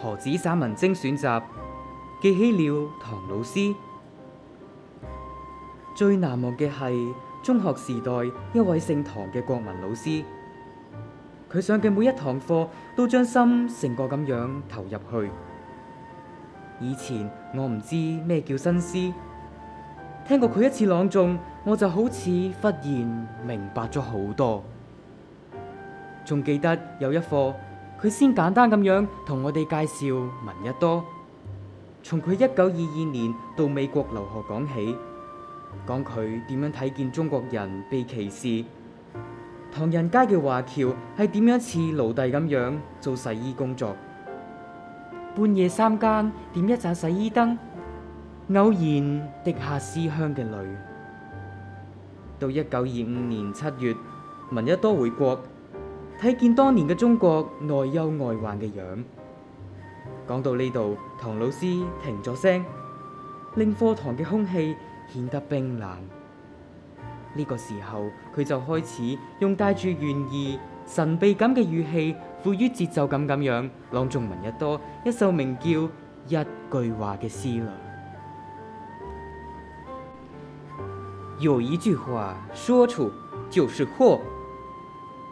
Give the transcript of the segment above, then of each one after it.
何紫散文精選集記起了唐老師。最難忘嘅係中學時代一位姓唐嘅國文老師，佢上嘅每一堂課都將心成個咁樣投入去。以前我唔知咩叫新詩，聽過佢一次朗誦，我就好似忽然明白咗好多。仲記得有一課，佢先簡單咁樣同我哋介紹聞一多，從佢一九二二年到美國留學講起，講佢點樣睇見中國人被歧視，唐人街嘅華僑係點樣似奴隸咁樣做洗衣工作，半夜三更點一盞洗衣燈，偶然滴下思鄉嘅淚。到一九二五年七月，聞一多回國。睇見當年嘅中國內憂外患嘅樣，講到呢度，唐老師停咗聲，令課堂嘅空氣顯得冰冷。呢個時候，佢就開始用帶住怨意、神秘感嘅語氣，富於節奏感咁樣朗誦聞一多一首名叫《一句話》嘅詩啦。有一句話，說出就是禍。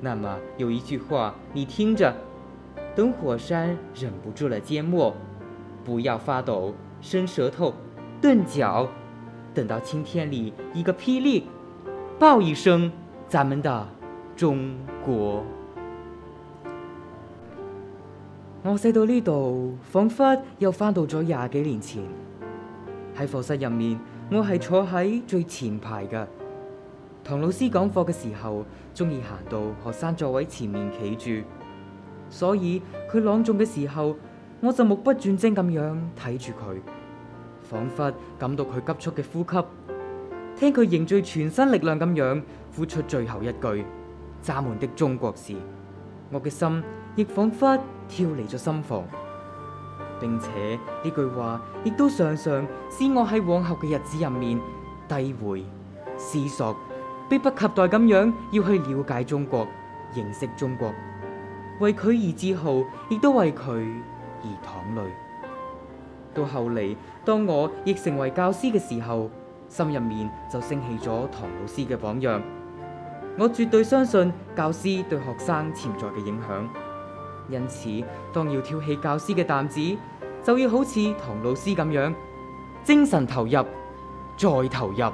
那麼有一句話，你聽着，等火山忍不住了緘默，不要發抖，伸舌頭，頓腳，等到青天裏一個霹靂，爆一聲，咱們的中國。我寫到呢度，仿佛又返到咗廿幾年前，喺課室入面，我係坐喺最前排嘅。唐老師講課嘅時候，鍾意行到學生座位前面企住，所以佢朗誦嘅時候，我就目不轉睛咁樣睇住佢，彷彿感到佢急促嘅呼吸，聽佢凝聚全身力量咁樣呼出最後一句「咱們的中國」時，我嘅心亦彷彿跳離咗心房。並且呢句話亦都常常使我喺往後嘅日子入面低回思索。迫不及待咁樣要去了解中國、認識中國，為佢而自豪，亦都為佢而淌淚。到後嚟，當我亦成為教師嘅時候，心入面就升起咗唐老師嘅榜樣。我絕對相信教師對學生潛在嘅影響。因此，當要挑起教師嘅擔子，就要好似唐老師咁樣，精神投入，再投入。